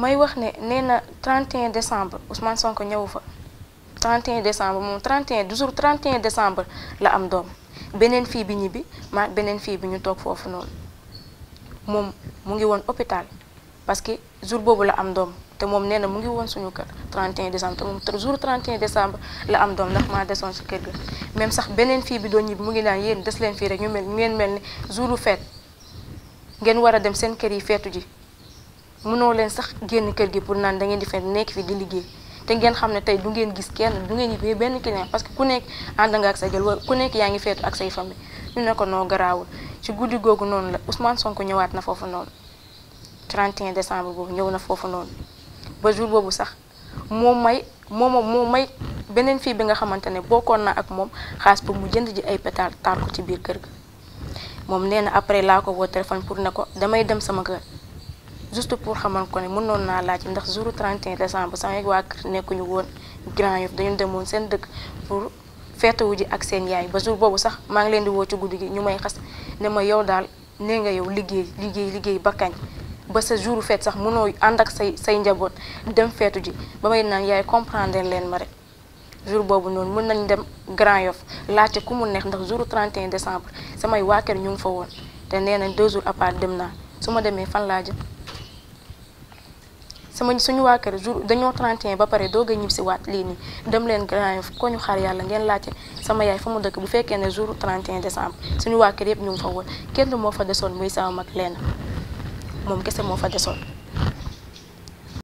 may wax ne nee na 31 décembre Ousmane Sonko ñëwu fa 31 décembre moom 31 toujours 31 décembre la am doom beneen fii bi ñibbi maa beneen fii bi ñu toog foofu noonu moom mu ngi woon hôpital parce que jour boobu la am doom te moom nee na mu ngi woon suñu kër 31 décembre te moom jour 31 décembre la am doom ndax maa desoon si kër ga même sax beneen fii bi doon ñibbi mu ngi naan yéen des leen fii rek ñu mel ngeen mel ni jouru feet ngeen war a dem seen kër yi feetu ji mënoo leen sax génn kër gi pour naan dangeen ngeen di fay nekk fi di liggéey te ngeen xam ne tey du ngeen gis kenn du ngeen yibee benn client parce que ku nekk ànd nga ak sa jël ku nekk yaa ngi feetu ak say famille ñu ne ko noo garaawul ci guddi googu noonu la Ousmane Sonko ñëwaat na foofu noonu 31 décembre boobu ñëw na foofu noonu ba jour boobu sax moo may moom moo may beneen fii bi nga xamante ne bokkoon na ak moom xaas pour mu jënd ji ay pétard taal ci biir kër ga moom nee na après laa ko woo téléphone pour ne ko damay dem sama kër juste pour xamal ko ne mënoon naa laaj ndax jour 31 décembre samay waa kër nekkuñu woon Grand Yoff dañu demoon seen dëkk pour feetewu ji ak seen yaay ba jour boobu sax maa ngi leen di woo ci guddi ñu may xas ne ma yow daal nee nga yow liggéey liggéey liggéey ba ba sa jouru feet sax mënoo ànd ak say say njaboot dem feetu ji ba may naan yaay comprendre leen ma rek jour boobu noonu mën nañ dem Grand Yoff laajte ku neex ndax jour 31 décembre samay waa ñu ngi fa woon te nee nañ deux jours à part dem naa su ma demee fan laa sama suñu waa kër jour dañoo 31 ba pare doog a ñib si waat lii nii dem leen Grand ko ñu xaar yàlla ngeen laajte sama yaay fa mu dëkk bu fekkee ne jour 31 décembre suñu waa kër yëpp ñu ngi fa woon kenn moo fa desoon muy sama mag lenn moom kese moo fa desoon